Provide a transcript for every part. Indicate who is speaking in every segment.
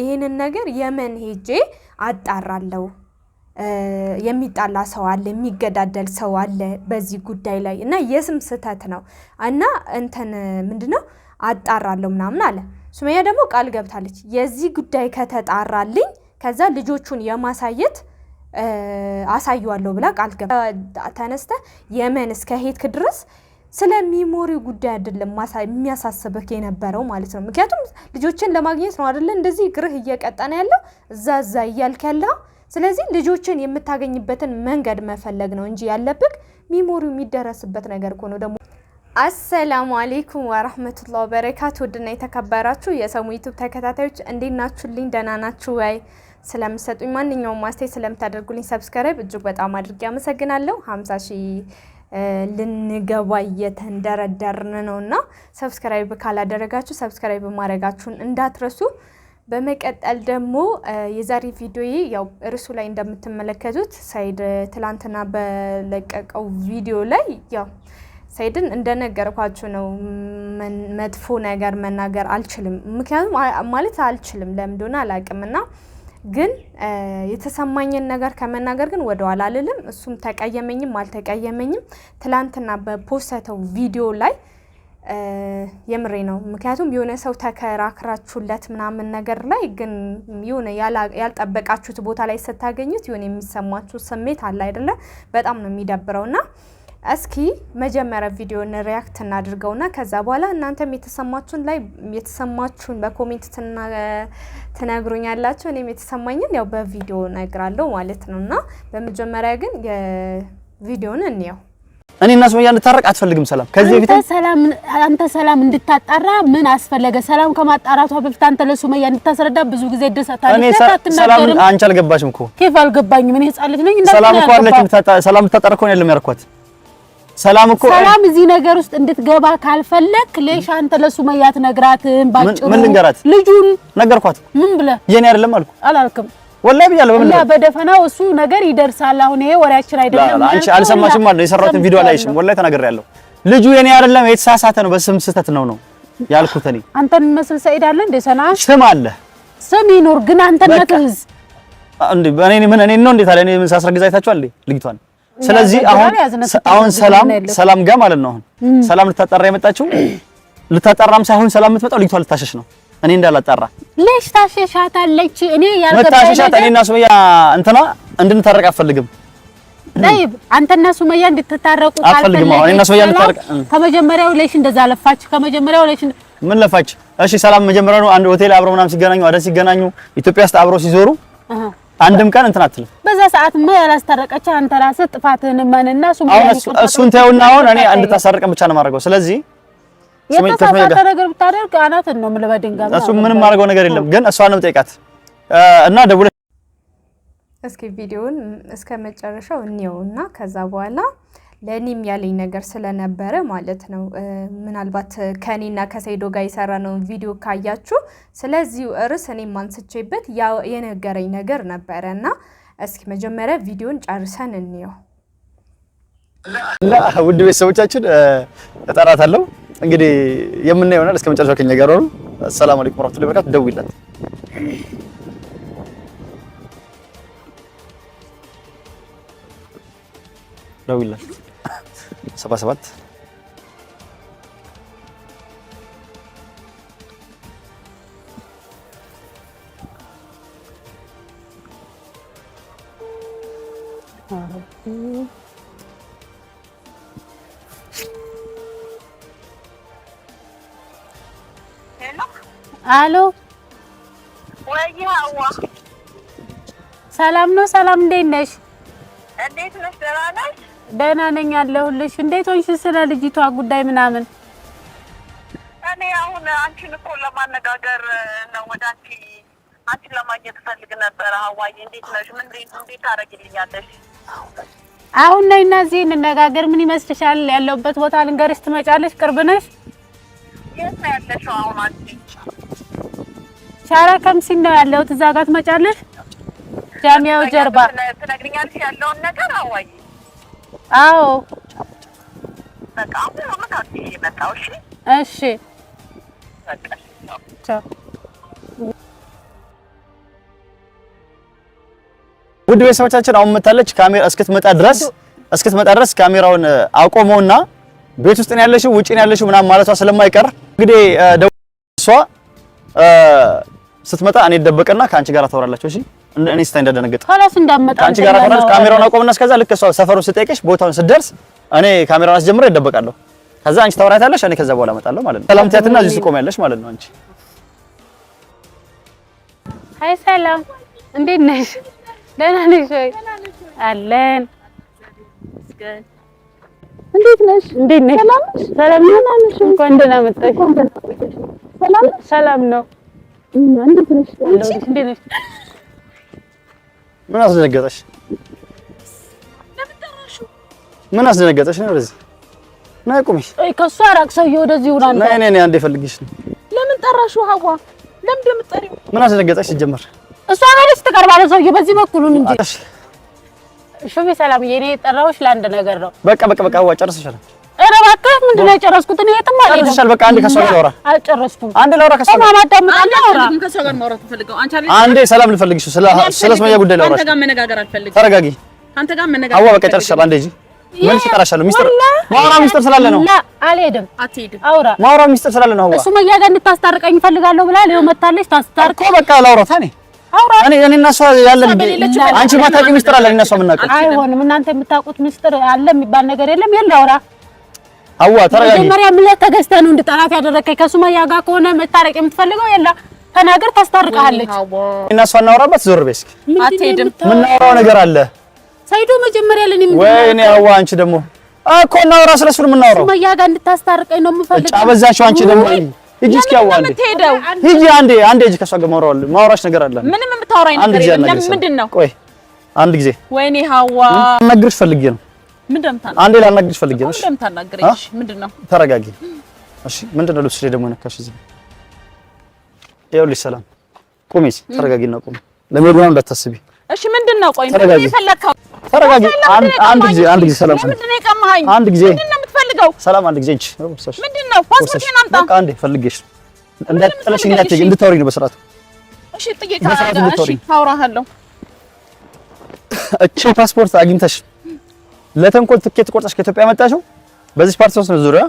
Speaker 1: ይሄንን ነገር የመን ሄጄ አጣራለሁ። የሚጣላ ሰው አለ፣ የሚገዳደል ሰው አለ በዚህ ጉዳይ ላይ እና የስም ስህተት ነው እና እንትን ምንድነው አጣራለሁ ምናምን አለ። ሱመያ ደግሞ ቃል ገብታለች የዚህ ጉዳይ ከተጣራልኝ ከዛ ልጆቹን የማሳየት አሳየዋለሁ ብላ ቃል ገብታ ተነስተ የመን እስከ ሄድክ ድረስ ስለ ሚሞሪ ጉዳይ አይደለም የሚያሳስብህ የነበረው ማለት ነው። ምክንያቱም ልጆችን ለማግኘት ነው አይደለ? እንደዚህ እግርህ እየቀጠነ ያለው እዛ እዛ እያልክ ያለው። ስለዚህ ልጆችን የምታገኝበትን መንገድ መፈለግ ነው እንጂ ያለብህ ሚሞሪ የሚደረስበት ነገር ከሆነ ደግሞ አሰላሙ አሌይኩም ወረህመቱላ በረካቱ ውድና የተከበራችሁ የሰሙ ዩቱብ ተከታታዮች እንዴት ናችሁልኝ? ደህና ናችሁ ወይ? ስለምሰጡኝ ማንኛውም ማስተያየት ስለምታደርጉልኝ ሰብስክራይብ እጅግ በጣም አድርጌ አመሰግናለሁ። ሀምሳ ሺህ ልንገባ እየተንደረደርን ነው እና ሰብስክራይብ ካላደረጋችሁ ሰብስክራይብ ማድረጋችሁን እንዳትረሱ። በመቀጠል ደግሞ የዛሬ ቪዲዮዬ ያው እርሱ ላይ እንደምትመለከቱት ሰኢድ ትላንትና በለቀቀው ቪዲዮ ላይ ያው ሰኢድን እንደነገርኳችሁ ነው። መጥፎ ነገር መናገር አልችልም፣ ምክንያቱም ማለት አልችልም ለምንደሆነ አላውቅም እና ግን የተሰማኝን ነገር ከመናገር ግን ወደኋላ አልልም። እሱም ተቀየመኝም አልተቀየመኝም ትላንትና በፖስተተው ቪዲዮ ላይ የምሬ ነው። ምክንያቱም የሆነ ሰው ተከራክራችሁለት ምናምን ነገር ላይ ግን የሆነ ያልጠበቃችሁት ቦታ ላይ ስታገኙት የሆነ የሚሰማችሁ ስሜት አለ አይደለ? በጣም ነው የሚደብረው ና። እስኪ መጀመሪያ ቪዲዮን ሪያክት እናድርገውና ከዛ በኋላ እናንተም የተሰማችሁን ላይ የተሰማችሁን በኮሜንት ትነግሩኛላችሁ። እኔም የተሰማኝን ያው በቪዲዮ ነግራለሁ ማለት ነው። እና በመጀመሪያ ግን የቪዲዮን እንየው።
Speaker 2: እኔ እና ሱመያ እንድታረቅ አትፈልግም። ሰላም ከዚህ በፊት
Speaker 1: አንተ ሰላም እንድታጣራ ምን አስፈለገ? ሰላም ከማጣራቷ በፊት አንተ ለሱመያ እንድታስረዳ ብዙ ጊዜ ደሰታለች።
Speaker 2: እኔ ሰላም አንቺ አልገባሽም እኮ
Speaker 1: ኬፍ አልገባኝም። እኔ ህጻን ልጅ
Speaker 2: ነኝ። ሰላም እኮ አለች። ሰላም እንድታጣራ እኮ ነው ያለው የሚያርኳት ሰላም እኮ
Speaker 1: ሰላም እዚህ ነገር ውስጥ እንድትገባ ካልፈለክ ሌሽ አንተ ለሱመያ ትነግራትም። ባጭሩ ምን ልንገራት? ልጁን ነገርኳት። ምን ብለ የኔ አይደለም አልኩ አላልክም?
Speaker 2: ወላሂ ብያለሁ። በምን
Speaker 1: ነው በደፈናው እሱ ነገር ይደርሳል። አሁን ይሄ ወሬያችን
Speaker 2: አይደለም። አንቺ አልሰማሽም አለ ነው። የሰራሁትን ቪዲዮ አላየሽም። ወላሂ ተናግሬያለሁ። ልጁ የኔ አይደለም፣ የተሳሳተ ነው። በስም ስህተት ነው ነው ያልኩት። እኔ
Speaker 1: አንተን መስል ሰይድ አለ እንደ ሰና ስም አለ ስም ይኖር ግን አንተነትህ
Speaker 2: እንዴ በእኔ ምን እኔ ነው እንዴት አለ እኔ ምን ሳስረግዝ አይታችኋል ልጅቷን ስለዚህ አሁን አሁን ሰላም ሰላም ጋር ማለት ነው። አሁን ሰላም ልታጠራ የመጣችው ልታጠራም ሳይሆን ሰላም የምትመጣው ልጅቷ ልታሸሽ ነው። እኔ እንዳላጣራ
Speaker 1: ልሽ ታሸሻታለች። እኔ
Speaker 2: ያልገባኝ እና ሱመያ እንትና እንድንታረቅ አልፈልግም።
Speaker 1: ጠይብ አንተና ሱመያ እንድትታረቁ
Speaker 2: አልፈልግም። አሁን እኔና ሱመያ እንድታረቅ
Speaker 1: ከመጀመሪያው ልሽ እንደዛ ለፋች። ከመጀመሪያው ልሽ
Speaker 2: ምን ለፋች? እሺ ሰላም መጀመሪያው አንድ ሆቴል አብረው ምናምን ሲገናኙ አደ ሲገናኙ ኢትዮጵያ ውስጥ አብረው ሲዞሩ አንድም ቀን እንትን አትልም።
Speaker 1: በዛ ሰዓት ምን ያላስታረቀች አንተ ራስህ ጥፋትህን ማንና እሱ
Speaker 2: እሱን ተውና፣ አሁን እኔ እንድታስታርቀን ብቻ ነው የማደርገው። ስለዚህ
Speaker 1: የተሳሳተ ነገር ብታደርግ አናትን ነው የምልህ በድንጋይ።
Speaker 2: እሱ ምንም የማደርገው ነገር የለም፣ ግን እሷንም ጠይቃት እና ደውለህ
Speaker 1: እስኪ ቪዲዮውን እስከ መጨረሻው እንየው እና ከዛ በኋላ ለእኔም ያለኝ ነገር ስለነበረ ማለት ነው። ምናልባት ከእኔና ከሰይዶ ጋር የሰራነውን ቪዲዮ ካያችሁ ስለዚሁ ርዕስ እኔም አንስቼበት የነገረኝ ነገር ነበረ እና እስኪ መጀመሪያ ቪዲዮን ጨርሰን እንየው
Speaker 2: እና ውድ ቤተሰቦቻችን እጠራታለሁ። እንግዲህ የምናየው ይሆናል። እስከ መጨረሻ ከኛ ጋር ሆኑ። ሰላም አለይኩም ወራህመቱላሂ ወበረካቱ። ደውይላት ደውይላት 77
Speaker 1: አሎ ሰላም ነው። ሰላም እንዴት ነሽ? እንዴት ነሽ? ደህና ነሽ? ደህና ነኝ አለሁልሽ። እንዴት ሆንሽ? ስለ ልጅቷ ጉዳይ ምናምን እኔ አሁን አንቺን እኮ ለማነጋገር ነው ወደ አንቺ አንቺን ለማግኘት ፈልግ ነበረ። ሀዋይ እንዴት ነሽ? ምን እንዴት ታደርጊልኛለሽ? አሁን እና እዚህ እንነጋገር። ምን ይመስልሻል? ያለሁበት ቦታ ልንገርሽ። ትመጫለሽ? ቅርብ ነሽ? የት ነው ያለሽው አሁን አንቺ? ሻራ ከምሲን ነው ያለሁት። እዛ ጋር ትመጫለሽ? ጃሚያው ጀርባ ትነግሪኛለሽ ያለውን ነገር ሀዋይ አዎ እሺ
Speaker 2: ውድ ቤተሰቦቻችን አሁን መታለች። ካሜራ እስክትመጣ ድረስ እስክትመጣ ድረስ ካሜራውን አቆመውና ቤት ውስጥ ነው ያለሽው ውጪ ነው ያለሽው ምናምን ማለቷ ስለማይቀር እንግዲህ ደውል እሷ ስትመጣ እኔ ደበቀና ከአንቺ ጋር ታወራላችሁ። እሺ እኔ ስታይ እንደደነገጥኩ
Speaker 1: ኋላስ እንዳመጣ
Speaker 2: አንቺ ጋር ሆነሽ ካሜራውን አቆምና እስከዛ ልክ እሷ ሰፈሩን ስጠይቅሽ ቦታውን ስደርስ እኔ ካሜራውን አስጀምሬ ይደበቃለሁ። ከዛ አንቺ ታወራታለሽ፣ እኔ ከዛ በኋላ እመጣለሁ ማለት ነው። ሰላም ትያትና እዚህ ትቆሚያለሽ ማለት ነው። አንቺ
Speaker 1: አይ ሰላም፣ እንዴት ነሽ? ደህና ነሽ ወይ? አለን። እንዴት ነሽ? እንዴት ነሽ? ሰላም ነሽ? ሰላም ነሽ? እንኳን ደህና መጣሽ። ሰላም ነው። ነሽ? እንዴት ነሽ?
Speaker 2: ምን አስደነገጠሽ? ምን አስደነገጠሽ ነው? ወደዚህ ነይ ቁሚ።
Speaker 1: አይ ከእሱ አራቅ ሰውዬ፣ ወደዚህ ውራ።
Speaker 2: ነይ ነይ ነይ፣ አንዴ ፈልግሽ ነው።
Speaker 1: ለምን ጠራሽው? ሀዋ ለምን እንደምትጠሪው?
Speaker 2: ምን አስደነገጠሽ? ሲጀመር
Speaker 1: እሷ ወደስ ትቀርባለህ። ሰውዬ በዚህ በኩሉን እንጂ ሽፊ። ሰላምዬ፣ እኔ የጠራሁሽ ለአንድ ነገር ነው።
Speaker 2: በቃ በቃ በቃ፣ ጨርሰሻል።
Speaker 1: ኧረ እባክህ ምንድን ነው የጨረስኩት? እኔ የትም
Speaker 2: አልሄድም። በቃ አንዴ ከእሷ ጋር ላውራ። አልጨረስኩም። አንዴ ላውራ ከእሷ ጋር ጋር ማውራት አንዴ ሰላም ልፈልግ። እሺ፣ ስለ ስለ ሱመያ ጉዳይ ላውራ። ተረጋጊ። አዋ በቃ ጨርሻለሁ። አንዴ ምን እጠራሻለሁ። ሚስተር ማውራ ሚስጥር ስላለ
Speaker 1: ነው። አልሄድም። አትሄድም። አውራ
Speaker 2: ማውራ ሚስጥር ስላለ ነው።
Speaker 1: አዋ ሱመያ ጋር እንድታስታርቀኝ እፈልጋለሁ ብላ ይኸው መታለች። ታስታርቅ
Speaker 2: እኮ በቃ ላውራት እኔ እኔ እና እሷ ያለን አንቺ የማታውቂው ሚስጥር አለ። እኔ እና እሷ የምናውቀው
Speaker 1: አይሆንም። እናንተ የምታውቁት ሚስጥር አለ የሚባል ነገር የለም። የለ አውራ አዋ ተረጋጊ። መጀመሪያ ምን ተገዝተህ ነው እንደ ያደረከኝ? ከሱማያ ጋር ከሆነ መታረቅ የምትፈልገው የላ ተናገር፣ ታስታርቃለች።
Speaker 2: እና እሷ እናወራባት። ዞር በይ አትሄድም። የምናወራው ነገር አለ
Speaker 1: ሰይዶ። መጀመሪያ ለኔ ምን
Speaker 2: ወይ እኔ አዋ፣ አንቺ ደግሞ እኮ እናወራ። ስለሱን የምናወራው
Speaker 1: ሱማያ ጋር እንድታስታርቀኝ ነው የምፈልገው።
Speaker 2: አበዛሽው አንቺ ደግሞ ሂጂ እስኪ አዋ፣ አንዴ ሂጂ፣ አንዴ አንዴ ሂጂ። ከእሷ ጋር ማውራሽ ነገር አለ።
Speaker 1: ምንም የምታወራኝ ነገር የለም። ምንድን ነው?
Speaker 2: ቆይ አንድ ጊዜ
Speaker 1: ወይኔ ሀዋ፣
Speaker 2: እነግርሽ ፈልጌ ነው አንዴ ላናግርሽ ፈልጌ ነው። ተረጋጊ እሺ። ምንድን ነው ልብስ ላይ ደግሞ የነካሽ? እዚህ ይኸውልሽ። ሰላም ቁሚ፣ ተረጋጊ ተረጋጊና ቁሚ። ለመሄድ ምናምን እንዳታስቢ
Speaker 1: እሺ። ምንድን ነው ቆይ፣ ተረጋጊ።
Speaker 2: አንድ ጊዜ አንድ ጊዜ ሰላም፣ አንድ
Speaker 1: ጊዜ ሰላም፣
Speaker 2: አንድ ጊዜ እንጂ
Speaker 1: ምንድን ነው ፓስፖርቴን አምጣ።
Speaker 2: በቃ አንዴ ፈልጌሽ እንዳትጠለሽኝ፣ እንድታወሪኝ ነው በስርዓቱ።
Speaker 1: እሺ፣ ጥቂት አውራሃለሁ።
Speaker 2: እቺ ፓስፖርት አግኝተሽ ለተንኮል ትኬት ቆርጠሽ ከኢትዮጵያ መጣሽው በዚህ ፓርቲ ሶስት ነው ዙሪያ።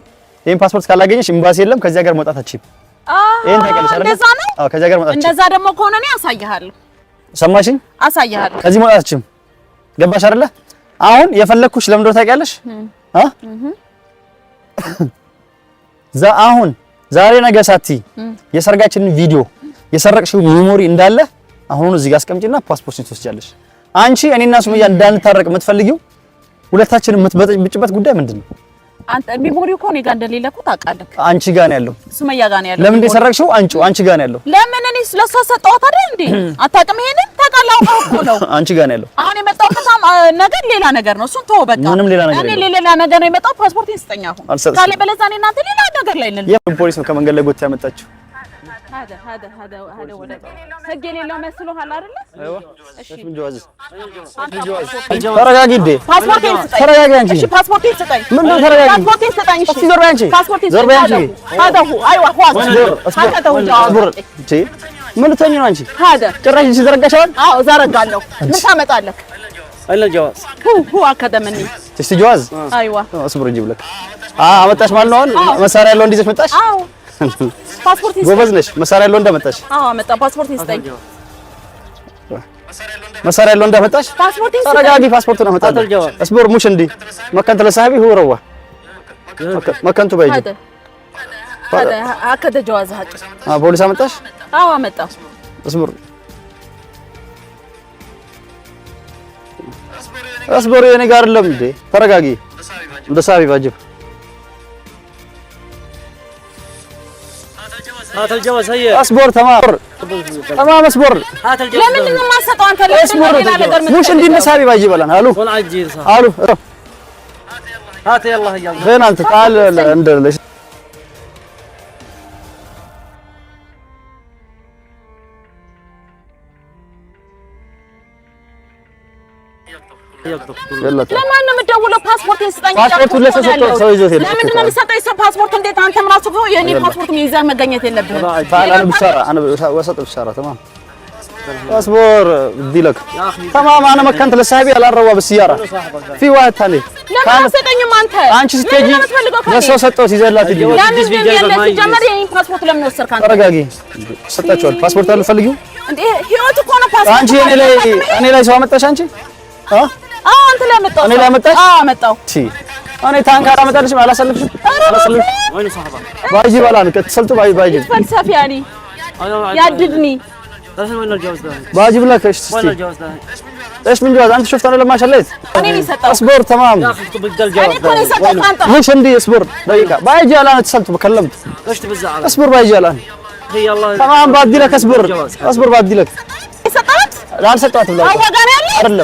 Speaker 2: ይሄን ፓስፖርት ካላገኘሽ ኤምባሲ የለም፣ ከዚህ ሀገር መውጣት አትችይም።
Speaker 1: ይሄን ታውቂያለሽ አይደል? እንደዛ ነው አዎ፣ ከዚህ ሀገር መውጣት አትችይም። እንደዛ ደግሞ ከሆነ እኔ አሳይሃለሁ። ሰማሽኝ? አሳይሃለሁ።
Speaker 2: ከዚህ መውጣት አትችይም። ገባሽ አይደለ? አሁን የፈለግኩሽ ለምን እንደሆነ ታውቂያለሽ? አ ዛ አሁን ዛሬ ነገ ሳትይ የሰርጋችንን ቪዲዮ የሰረቅሽው ሜሞሪ እንዳለ አሁን እዚህ ጋር አስቀምጪና ፓስፖርት ትወስጃለሽ። አንቺ እኔና ሱመያ እንዳንታረቅ የምትፈልጊው ሁለታችን የምትበጭበት ጉዳይ ምንድን ነው?
Speaker 1: አንተ ሜሞሪው እኮ እኔ ጋር እንደሌለ እኮ ታውቃለህ።
Speaker 2: አንቺ ጋር ነው ያለው፣ ሱመያ ጋር ነው ያለው። ለምን እንደሰረቅሽው አንቺ አንቺ ጋር ነው ያለው።
Speaker 1: ለምን እኔ ስለሷ ሰጠኋት አይደል እንዴ? አታውቅም ይሄንን ታውቃለህ። አውቀው እኮ ነው
Speaker 2: አንቺ ጋር ነው ያለው።
Speaker 1: አሁን የመጣው ከሳም ነገር ሌላ ነገር ነው። እሱን ተወው በቃ።
Speaker 2: ምንም ሌላ ነገር
Speaker 1: እኔ ሌላ ነገር ነው የመጣው። ፓስፖርት ስጠኝ አሁን ካለ በለዛ እኔ እናንተ ሌላ ነገር ላይ ነን።
Speaker 2: የምን ፖሊስ ነው ከመንገድ ላይ ጎትታ ያመጣችው?
Speaker 1: የሌለው መስሎሃል አይደለ? ተረጋጊ፣
Speaker 2: ምን ልትሆኚ ነው አንቺ? ጭራሽ እዚህ ዘረጋሻል።
Speaker 1: አዎ ዘረጋለሁ። ምን ታመጣለህ?
Speaker 2: አመጣሽ ማለት ነው። አሁን መሳሪያ ያለው እንዲህ መጣሽ
Speaker 1: ፓስፖርት
Speaker 2: ጎበዝ ነሽ። መሳሪያ ያለው እንዳመጣሽ።
Speaker 1: አዎ አመጣ። ፓስፖርት ይስጠኝ።
Speaker 2: መሳሪያ ያለው እንዳመጣሽ። ፓስፖርት ይስጠኝ። ተረጋጊ። ፓስፖርት ነው አመጣ። እስቦር ሙሽ እንዲ መከንት ለሳቢ ሁ ረዋ መከንቱ ባይጂ
Speaker 1: ታደ አከደ ጀዋዝ ሀጭ
Speaker 2: አዎ ፖሊስ አመጣሽ። አዎ አመጣ። እስቦር እስቦር የኔ ጋር አይደለም እንዴ። ተረጋጊ። እንደሳቢ ባጅብ
Speaker 1: هات الجواز هيا
Speaker 2: اصبر تمام اصبر تمام اصبر
Speaker 1: هات الجواز لا من ما سطوا
Speaker 2: انت اصبر مش عندي مسابي باجي بلان الو والله عجيل الو
Speaker 1: هات يلا هيا
Speaker 2: فين انت تعال عند ليش
Speaker 1: ለማን ነው የምትደውለው? ፓስፖርት ስጠኝ። ሰው ይዞት የለም። ለምንድን ነው የሚሰጠኝ ሰው ፓስፖርት? እንዴት አንተም እራሱ የእኔ ፓስፖርት ይዘህ መገኘት የለብህም።
Speaker 2: ፓስፖርት ለምን ፓስፖርት
Speaker 1: እኔ ላይ መጣሽ? አዎ መጣሁ።
Speaker 2: እኔ ታንክ አላመጣልሽም። አላሰልፍሽም። ባይጂ በላን ከተሰልቱ ባይ ባይጂ
Speaker 1: ፈልሰፊ ያኒ ያድድኒ
Speaker 2: ባይጂ ብለክ እሺ እስቲ ايش من جواز انت شفت انا لما شليت انا اللي سطر اصبر تمام
Speaker 1: انا كوني سطر انت
Speaker 2: ليش عندي اصبر دقيقه بايجي الان اتصلت بكلمت ايش تبزع على اصبر بايجي الان هي الله تمام بدي لك اصبر اصبر بدي لك سطرت لا سطرت لا هو قال لي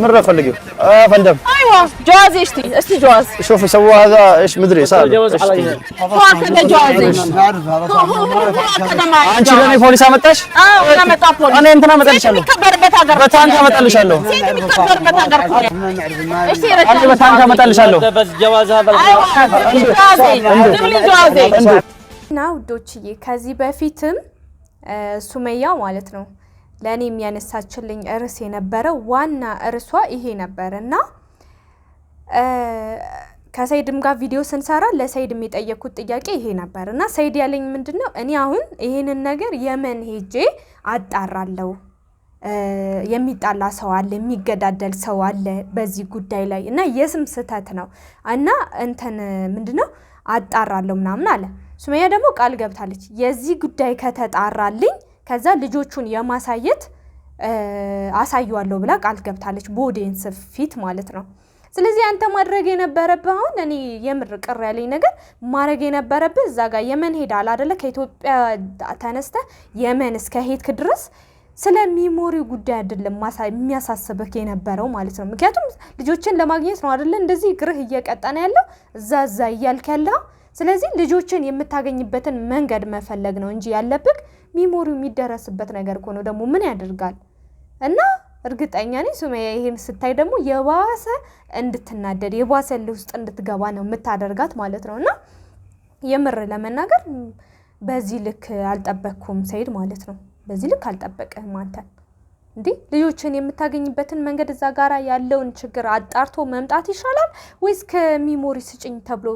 Speaker 2: ምን ፈልጊው ፈንደም
Speaker 1: አይዋ ጀዋዝ እሽቲ እስቲ ጀዋዝ
Speaker 2: شوف يسوى هذا ايش مدري አንቺ ለኔ ፖሊስ አመጣሽ? እኔ እንትና አመጣልሻለሁ። በታንክ አመጣልሻለሁ።
Speaker 1: እና ውዶችዬ ከዚህ በፊትም ሱመያ ማለት ነው ለእኔ የሚያነሳችልኝ ርዕስ የነበረው ዋና ርዕሷ ይሄ ነበር እና ከሰይድም ጋር ቪዲዮ ስንሰራ ለሰይድ የጠየኩት ጥያቄ ይሄ ነበር እና ሰይድ ያለኝ ምንድን ነው፣ እኔ አሁን ይሄንን ነገር የመን ሄጄ አጣራለው የሚጣላ ሰው አለ፣ የሚገዳደል ሰው አለ በዚህ ጉዳይ ላይ እና የስም ስህተት ነው እና እንትን ምንድን ነው አጣራለሁ ምናምን አለ። ሱመያ ደግሞ ቃል ገብታለች የዚህ ጉዳይ ከተጣራልኝ ከዛ ልጆቹን የማሳየት አሳየዋለሁ ብላ ቃል ገብታለች፣ በኦዲየንስ ፊት ማለት ነው። ስለዚህ አንተ ማድረግ የነበረብህ አሁን እኔ የምር ቅር ያለኝ ነገር ማድረግ የነበረብህ እዛ ጋር የመን ሄድ አለ አደለ? ከኢትዮጵያ ተነስተ የመን እስከ ሄድክ ድረስ ስለ ሚሞሪ ጉዳይ አይደለም የሚያሳስብህ የነበረው ማለት ነው። ምክንያቱም ልጆችን ለማግኘት ነው አደለ? እንደዚህ እግርህ እየቀጠነ ያለው እዛ እዛ እያልክ ያለው። ስለዚህ ልጆችን የምታገኝበትን መንገድ መፈለግ ነው እንጂ ያለብህ ሚሞሪው የሚደረስበት ነገር ከሆነ ደግሞ ምን ያደርጋል እና እርግጠኛ ነኝ ሱመያ ይሄን ስታይ ደግሞ የባሰ እንድትናደድ የባሰ ውስጥ እንድትገባ ነው የምታደርጋት ማለት ነው። እና የምር ለመናገር በዚህ ልክ አልጠበቅኩም ሰይድ ማለት ነው። በዚህ ልክ አልጠበቅህም አንተን እንዴ ልጆችን የምታገኝበትን መንገድ እዛ ጋራ ያለውን ችግር አጣርቶ መምጣት ይሻላል ወይስ ከሚሞሪ ስጭኝ ተብሎ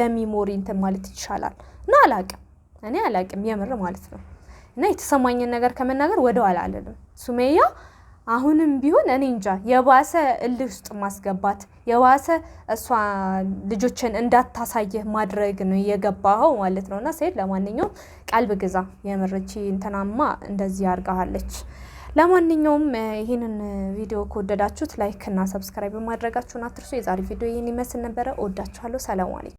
Speaker 1: ለሚሞሪ እንትን ማለት ይሻላል? እና አላቅም እኔ አላቅም የምር ማለት ነው። እና የተሰማኝን ነገር ከመናገር ወደኋላ አልልም። ሱሜያ አሁንም ቢሆን እኔ እንጃ የባሰ እልህ ውስጥ ማስገባት የባሰ እሷ ልጆችን እንዳታሳየህ ማድረግ ነው የገባኸው ማለት ነው። እና ሰኢድ ለማንኛውም ቀልብ ግዛ። የምርቺ እንትናማ እንደዚህ አርጋሃለች። ለማንኛውም ይህንን ቪዲዮ ከወደዳችሁት ላይክ እና ሰብስክራይብ ማድረጋችሁን አትርሱ። የዛሬ ቪዲዮ ይህን ይመስል ነበረ። እወዳችኋለሁ። ሰላም አለይኩም።